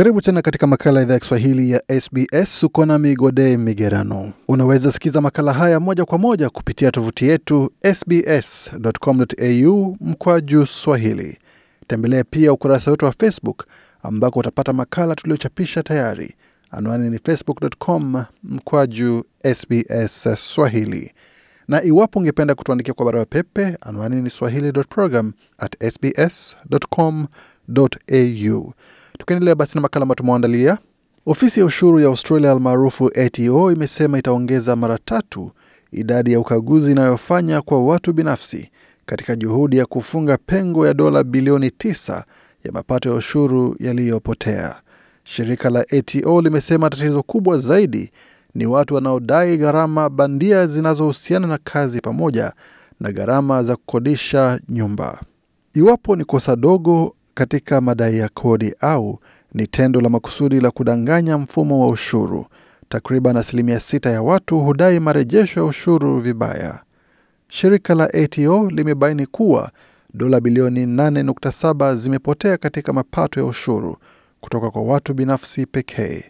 Karibu tena katika makala ya idhaa ya Kiswahili ya SBS. Uko nami Gode Migerano. Unaweza sikiza makala haya moja kwa moja kupitia tovuti yetu sbs.com.au mkwaju swahili. Tembelea pia ukurasa wetu wa Facebook ambako utapata makala tuliochapisha tayari. Anwani ni facebook.com mkwaju sbs swahili, na iwapo ungependa kutuandikia kwa barua pepe, anwani ni swahili.program@sbs.com.au. Tukiendelea basi na makala ambayo tumeandalia, ofisi ya ushuru ya Australia almaarufu ATO imesema itaongeza mara tatu idadi ya ukaguzi inayofanya kwa watu binafsi katika juhudi ya kufunga pengo ya dola bilioni 9 ya mapato ya ushuru yaliyopotea. Shirika la ATO limesema tatizo kubwa zaidi ni watu wanaodai gharama bandia zinazohusiana na kazi pamoja na gharama za kukodisha nyumba. Iwapo ni kosa dogo katika madai ya kodi au ni tendo la makusudi la kudanganya mfumo wa ushuru. Takriban asilimia sita ya watu hudai marejesho ya ushuru vibaya. Shirika la ATO limebaini kuwa dola bilioni 8.7 zimepotea katika mapato ya ushuru kutoka kwa watu binafsi pekee,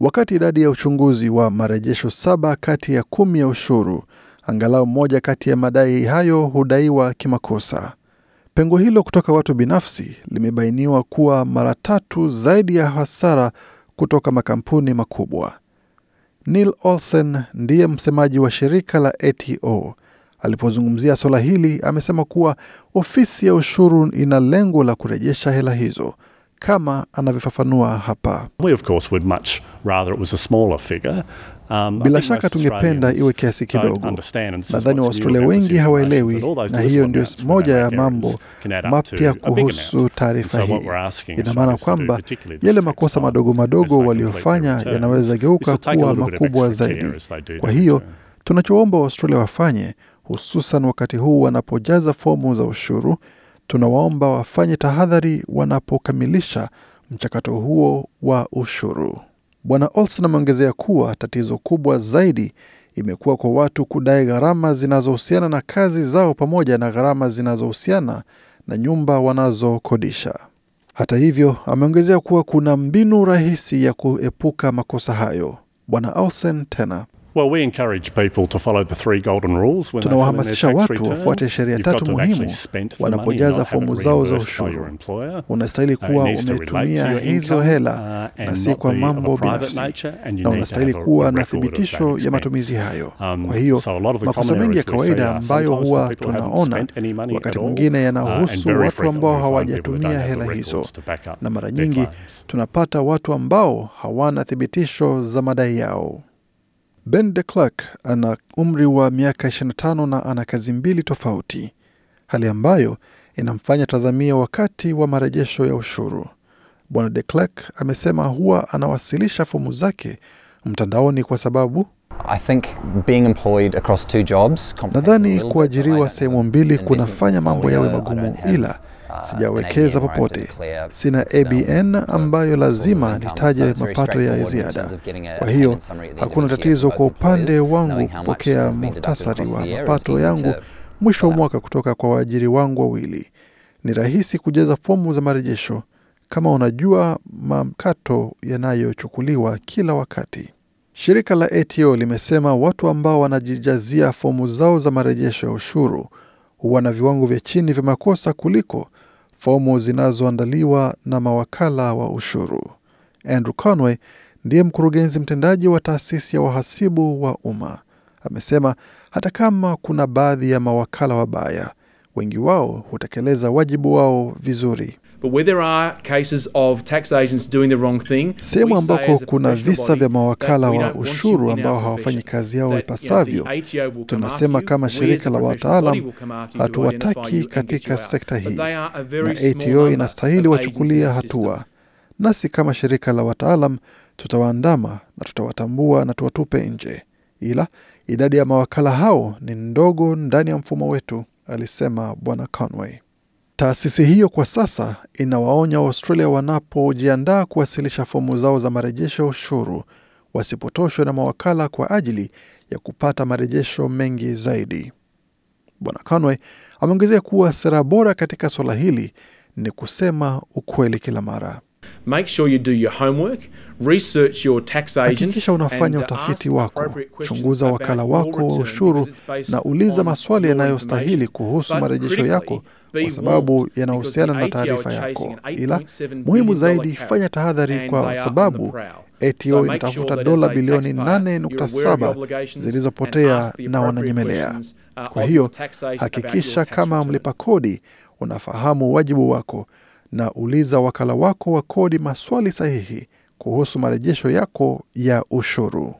wakati idadi ya uchunguzi wa marejesho saba kati ya kumi ya ushuru, angalau moja kati ya madai hayo hudaiwa kimakosa. Pengo hilo kutoka watu binafsi limebainiwa kuwa mara tatu zaidi ya hasara kutoka makampuni makubwa. Neil Olsen ndiye msemaji wa shirika la ATO. Alipozungumzia suala hili, amesema kuwa ofisi ya ushuru ina lengo la kurejesha hela hizo kama anavyofafanua hapa. We of course would much rather it was a smaller figure Um, bila shaka tungependa iwe kiasi kidogo. Nadhani Waaustralia wengi hawaelewi, na hiyo ndio moja ya mambo mapya kuhusu taarifa hii. Ina maana kwamba yale makosa madogo madogo waliofanya yanaweza geuka kuwa makubwa zaidi. Kwa hiyo tunachoomba Waaustralia wafanye, hususan wakati huu wanapojaza fomu za ushuru, tunawaomba wafanye tahadhari wanapokamilisha mchakato huo wa ushuru. Bwana Olson ameongezea kuwa tatizo kubwa zaidi imekuwa kwa watu kudai gharama zinazohusiana na kazi zao pamoja na gharama zinazohusiana na nyumba wanazokodisha. Hata hivyo, ameongezea kuwa kuna mbinu rahisi ya kuepuka makosa hayo. Bwana Olsen tena Well, we encourage people to follow the three golden rules tunawahamasisha watu wafuate sheria tatu muhimu wanapojaza fomu zao za ushuru. Unastahili kuwa umetumia hizo hela uh, na si kwa mambo binafsi, na unastahili kuwa na thibitisho ya matumizi hayo. Um, kwa hiyo makosa mengi ya kawaida ambayo huwa tunaona wakati mwingine yanahusu uh, watu ambao hawajatumia hela hizo, na mara nyingi tunapata watu ambao hawana thibitisho za madai yao. Ben de clark ana umri wa miaka 25 na ana kazi mbili tofauti, hali ambayo inamfanya tazamia wakati wa marejesho ya ushuru. Bwana de clark amesema huwa anawasilisha fomu zake mtandaoni kwa sababu nadhani kuajiriwa sehemu mbili kunafanya mambo yawe magumu, ila sijawekeza popote, sina ABN ambayo lazima nitaje mapato ya ziada. Kwa hiyo hakuna tatizo kwa upande wangu kupokea muhtasari wa mapato yangu mwisho wa mwaka kutoka kwa waajiri wangu wawili. Ni rahisi kujaza fomu za marejesho kama unajua makato yanayochukuliwa kila wakati. Shirika la ATO limesema watu ambao wanajijazia fomu zao za marejesho ya ushuru huwa na viwango vya chini vya makosa kuliko fomu zinazoandaliwa na mawakala wa ushuru. Andrew Conway ndiye mkurugenzi mtendaji wa taasisi ya wahasibu wa umma. Amesema hata kama kuna baadhi ya mawakala wabaya, wengi wao hutekeleza wajibu wao vizuri. But where there are cases of tax agents doing the wrong thing, sehemu ambako kuna visa vya mawakala wa ushuru ambao hawafanyi kazi yao ipasavyo, tunasema kama shirika la wataalam hatuwataki katika sekta hii, na ATO inastahili wachukulia hatua. Nasi kama shirika la wataalam tutawaandama na tutawatambua na tuwatupe nje, ila idadi ya mawakala hao ni ndogo ndani ya mfumo wetu, alisema Bwana Conway. Taasisi hiyo kwa sasa inawaonya waustralia wanapojiandaa kuwasilisha fomu zao za marejesho ya ushuru wasipotoshwe na mawakala kwa ajili ya kupata marejesho mengi zaidi. Bwana Conway ameongezea kuwa sera bora katika suala hili ni kusema ukweli kila mara make sure you do your homework, research your tax agent. Hakikisha unafanya uh, utafiti wako, chunguza wakala wako wa ushuru na uliza maswali yanayostahili kuhusu marejesho yako, kwa sababu yanahusiana na taarifa yako. Ila muhimu zaidi, fanya tahadhari kwa sababu ATO inatafuta dola bilioni 8.7 zilizopotea na wananyemelea. Uh, kwa hiyo hakikisha kama mlipa kodi unafahamu wajibu wako na uliza wakala wako wa kodi maswali sahihi kuhusu marejesho yako ya ushuru.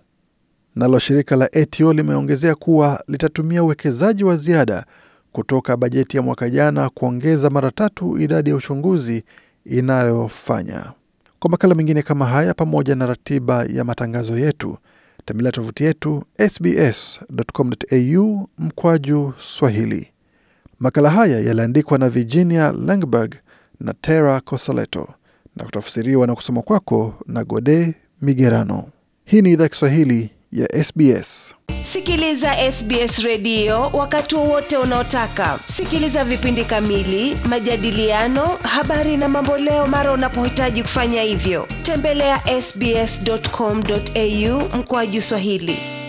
Nalo shirika la ATO limeongezea kuwa litatumia uwekezaji wa ziada kutoka bajeti ya mwaka jana kuongeza mara tatu idadi ya uchunguzi inayofanya. Kwa makala mengine kama haya, pamoja na ratiba ya matangazo yetu, tembelea tovuti yetu sbs.com.au mkwaju Swahili. Makala haya yaliandikwa na Virginia Langberg na Tera Kosoleto na kutafsiriwa na kusoma kwako na Gode Migerano. Hii ni idhaa Kiswahili ya SBS. Sikiliza SBS redio wakati wowote unaotaka. Sikiliza vipindi kamili, majadiliano, habari na mamboleo mara unapohitaji kufanya hivyo. Tembelea ya sbs.com.au mkoaju Swahili.